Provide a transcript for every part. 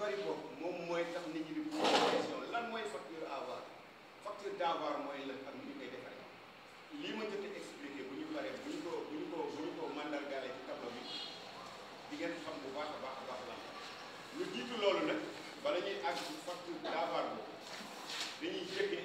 bari boobu moom mooy tax nit ñi di posé question lan mooy facture avoir facture d' avoir mooy lan ak ni ñu defaree lii ma jot a expliqué bu ñu paree bu ñu ko bu ñu ko bu ci tableau bi di ngeen xam bu baax a baax baax lan lu jiitu loolu nag bala ñuy àgg facture d' avoir dañuy jëkkee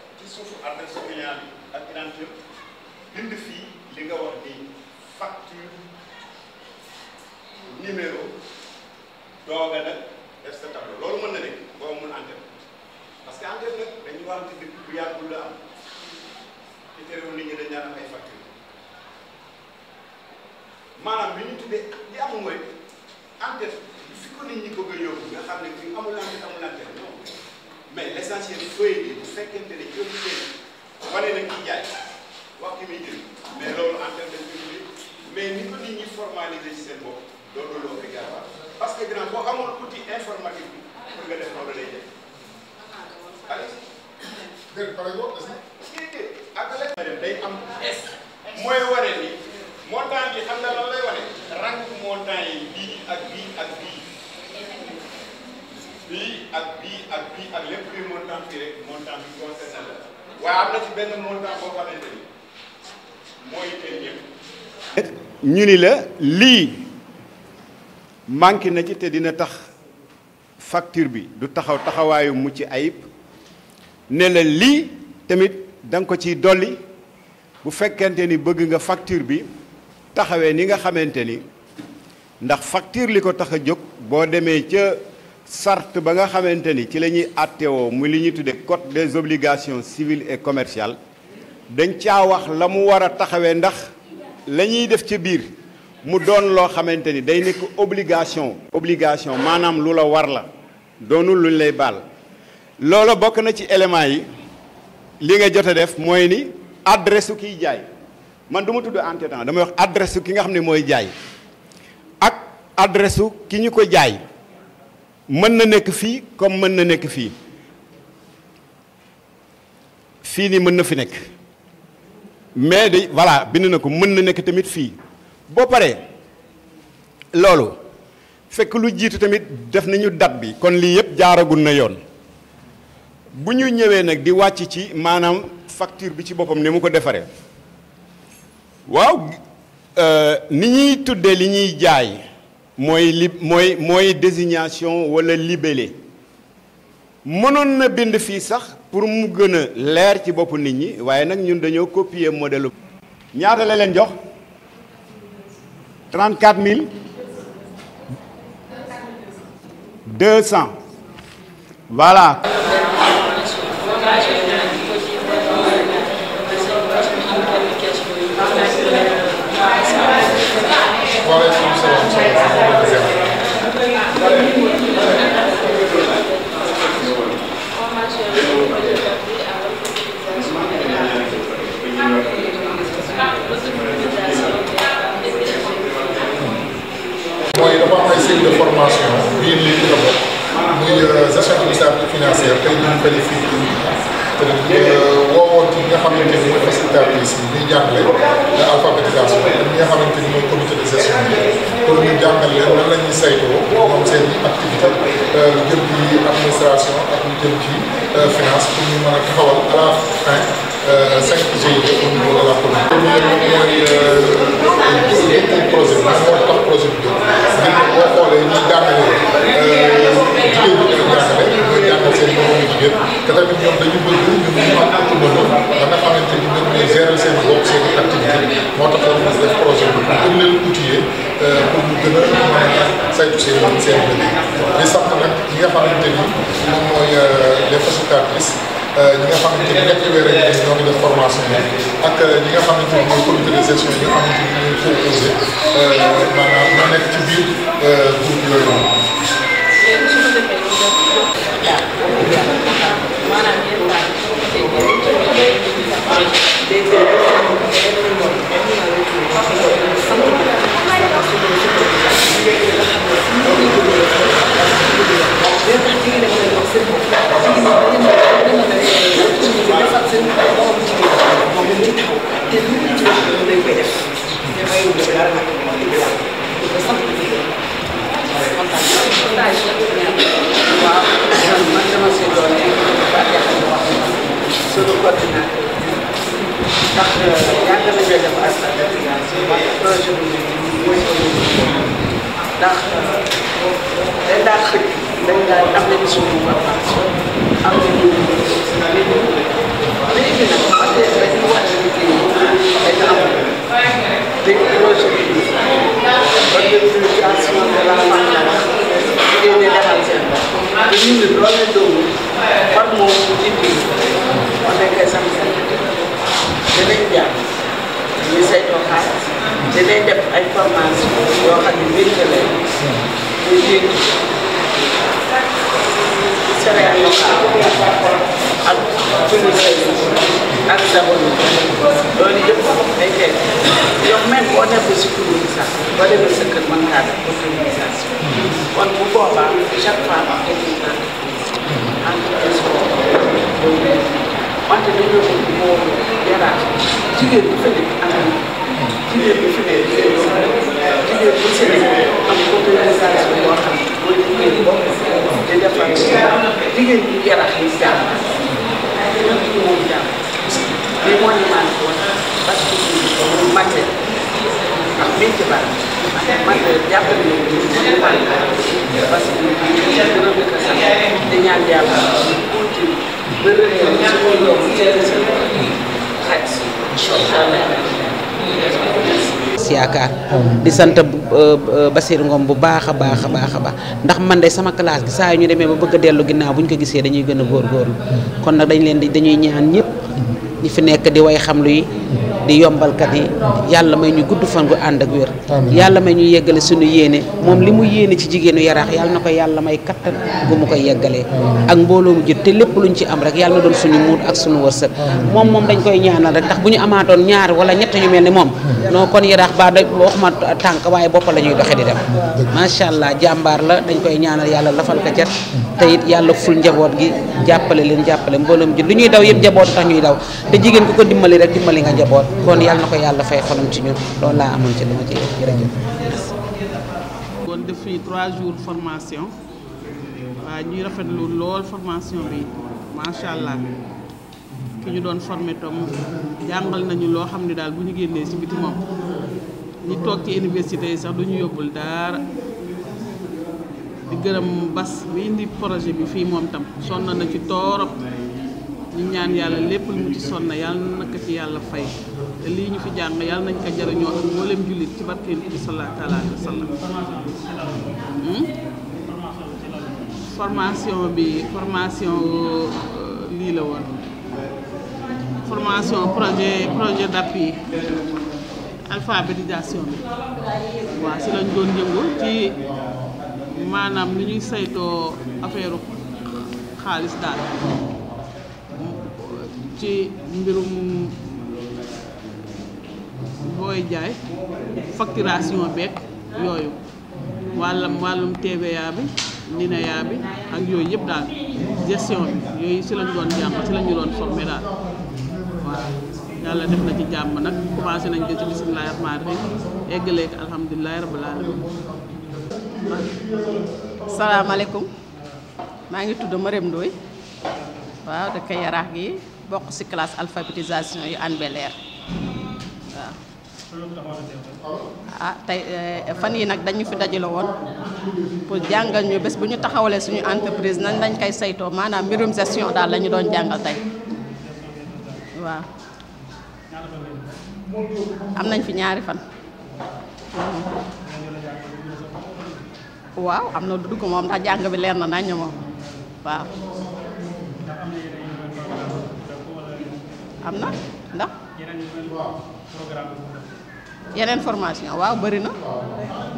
suufu adresse client bi ak identité bind fii li nga wax ni facture numéro dooga nag def sa tableau loolu mën na nekk boo mun enquête parce que enquête nag dañu waxante dëkk bu yàggul la am ci terewul nit ñi dañ daan am ay facture maanaam li ñu li amul mooy enquête fi ko nit ñi bëgg a nga xam ne amul enquête amul enquête mais l' essentiel feuille bi bu fekkente ne jëm seen wane na kiy jaay wax ki muy jënd mais loolu en terme de ni ko nit ñi formaliser ci seen bopp loolu loolu obligatoire parce que grand boo amul outil informatique bi pour nga def loolu lay def. allez. dégg nga pare nga bi ak bii ak bii bii. ak la ñu ni la lii manqué na ci te dina tax facture bi du taxaw taxawaayu mucc ayib ne la lii tamit da ko ciy dolli bu fekkente ni bëgg nga facture bi taxawee ni nga xamante ni ndax facture li ko tax a jóg boo demee ca. sart ba nga xamanteni ci la des obligations civiles et commerciales dañ caa wax lamu wara taxawé ndax la def ci biir mu doon lo xamanteni day nek obligation. obligation manam lu war la doonul luñ lay bal loola bok na ci def ni adresse jaay man ak mën na nekk fii comme mën na nekk fii fii ni mën na fi nekk mais de voilà bind na ko mën na nekk tamit fii boo paree loolu fekk lu jiitu tamit def nañu date bi kon lii yëpp jaaragul na yoon bu ñu ñëwee nag di wàcc ci maanaam facture bi ci boppam ni mu ko defaree waaw euh, ni ñuy tuddee li ñuy jaay. moy moy moy désignation wala libellé mënoon na bind fi sax pour mu l'air a ci bop nit ñi waye nak ñun dañoo copier modèle ñaata la leen jox 34 000 200 voilà formation biir lii ci la bokk muy gestion de stabilité financière tey ñu bëri fii te woowoon ci nga xamante ni mooy facilitatrice yi ñuy jàngale la alphabétisation ñi nga xamante ni mooy comité de gestion pour ñu jàngal leen lan la ñuy saytoo moom seen i activité lu jëm ci administration ak lu jëm ci finance pour ñu mën a taxawal à la fin cinq GIE au niveau de la commune. premier mooy projet bi projet bi c'est-à-dire boo xoolee ñuy jàngale jigéen ñi koy jàngale ñooy jàngal seen boppam jigéen te tamit ñoom dañu bëgg ñun ñu am autonomie ba nga xamante ni ñoom ñooy gérer seen bopp seen activité moo tax ñu def projet bi pour gën leen outiller pour ñu gën a mën a saytu seen seen bëgg di sax nag ñi nga xamante ni moom mooy les facilitatrices Euh, ñi nga xamante ni ñetti weer rek ñoo ngi def formation bi ak euh, ñi nga xamante ni mooy comité de gestion yi nga xamante ni ñooy proposé euh, maanaam ñoo nekk ci biir groupe yooyu noonu. ayib la dara nag moom lañ koy wax sant bi waaw man man dama si doon sunu coordinateur ndax yàgg nañu koy def ak projet bi mooy ndax day daal xëy dañ daal ndax dañu suñu dinañ jàng ñu saytoo xaalis dinañ def ay formation yoo xam ne mbir la lay ñu dégg céréales locales ak suñu say ak sabon loolu yëpp day teel yow même boo nekkul si commune sax boo demee sa kër mën ngaa def autonomisation kon bu boobaa chaque fois ma am entreprise entreprise boobu wante dañoo moo yaraat jigéen bu fekkee am na jigéen bu fekkee jigéen bu fekkee am autorisation boo xam ne mooy jigéen bopp di defar jigéen bu yaraat yi jàmm moom jàmm lii moo ñu maan woon parce que ñu màtte ndax biñ ci bari màtte jàppale ñu ñu màtte parce que ñu gën a dëkk sax di ñaan yàlla tuuti bëri na ci yaakaar di sant uh, uh, Basir ngoom bu baax a baax a baax a baax ndax man de sama classe gi saa yu ñu demee ba bëgg a dellu ginnaaw bu ñu ko gisee dañuy gën a góorgóorlu kon nag dañ leen di dañuy ñaan ñëpp ñi fi nekk di way xam lu yi di kat yi yalla may ñu gudd fan gu and ak wër yalla may ñu yeggale suñu yéene mom limu mu ci jigéenu yarax yalla nako yalla may kattan bu mu koy yeggalé ak mbolom mu jël te lépp luñ ci am rek yalla doon suñu muut ak suñu wërsëg mom mom dañ koy ñaanal rek tax buñu amatoon ñaar wala ñett ñu melni mom no kon yarax ba da wax ma tànk waaye bopp la ñuy di dem sha allah jambar la dañ koy ñaanal yalla lafal ka cat te it yalla ful njabot gi jappalé leen jappalé mbolom ji luñuy daw yëpp njabot tax ñuy daw te jigéen ku ko dimbali rek dimbali nga njabot kon yàlla na ko yàlla fay xolam ci ñun loolu la amon ci dama ci jërëjë kon def fi 3 jours formation wa ñu rafet lu lool formation bi ma sha allah ki ñu doon formé tom jangal nañu lo xamni dal bu ñu génnee ci biti mom ñi tok ci université sax duñu yobul dara di gërëm bas mi indi projet bi fi mom tam sonna na ci torop ñu ñaan yalla lepp lu mu ci sonna yalla naka ci yalla fay te lii ñu fi jàng yàlla nañ ko jëriñoo ak mboolem jullit ci barke Yonent bi sallallahu alayhi wa sallam hmm? formation bi formation euh, lii la woon formation projet projet d'appui alphabétisation bi waaw si lañ doon yëngu ci maanaam ni ñuy saytoo affaire xaalis daal ci mbirum booy jaay facturation beeg yooyu wàllam wàllum TVA bi NINEA ak yooyu yëpp daal gestion yooyu si lañ doon jàmm si la ñu doon formé daal yàlla def na ci jàmm nag commencé nañ ko ci bisimilah rahmaani rahiim eggalee ko alhamdulilah rabbil alamin salaamaaleykum maa ngi tudd Marème Ndoye waaw dëkk Yaraax gi bokk ci classe alphabétisation yu Hann ah tey eh, fan yi nag dañu fi dajale woon pour jàngal ñu bés bu ñu taxawalee suñu entreprise nan lañ koy saytoo maanaam mbirum gestion daal lañu doon jàngal tey waaw am nañ fi ñaari fan waaw na dugg moom jàng bi leer na nañu moom yeneen formation waaw bëri na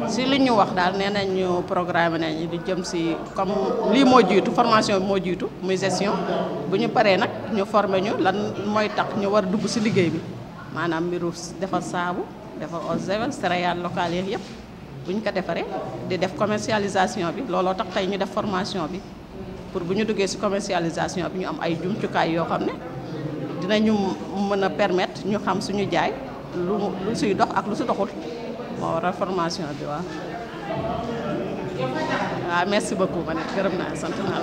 si li ñu wax daal nee nañ ñu programme nañ di jëm si comme lii moo jiitu formation bi moo jiitu muy gestion bu ñu paree nag ñu former ñu lan mooy tax ñu war dugg si liggéey bi maanaam mbiru defar saabu defar eau de javel céréales locales yeeg yëpp bu ñu ko defaree di def commercialisation bi looloo tax tey ñu def formation bi pour bu ñu duggee si commercialisation bi ñu am ay jumtukaay yoo xam ne dinañu mën a permettre ñu xam suñu jaay. lu lu suy dox ak lu si doxul moo waral formation bi waaw waaw merci beaucoup ma ne gërëm naa sant naa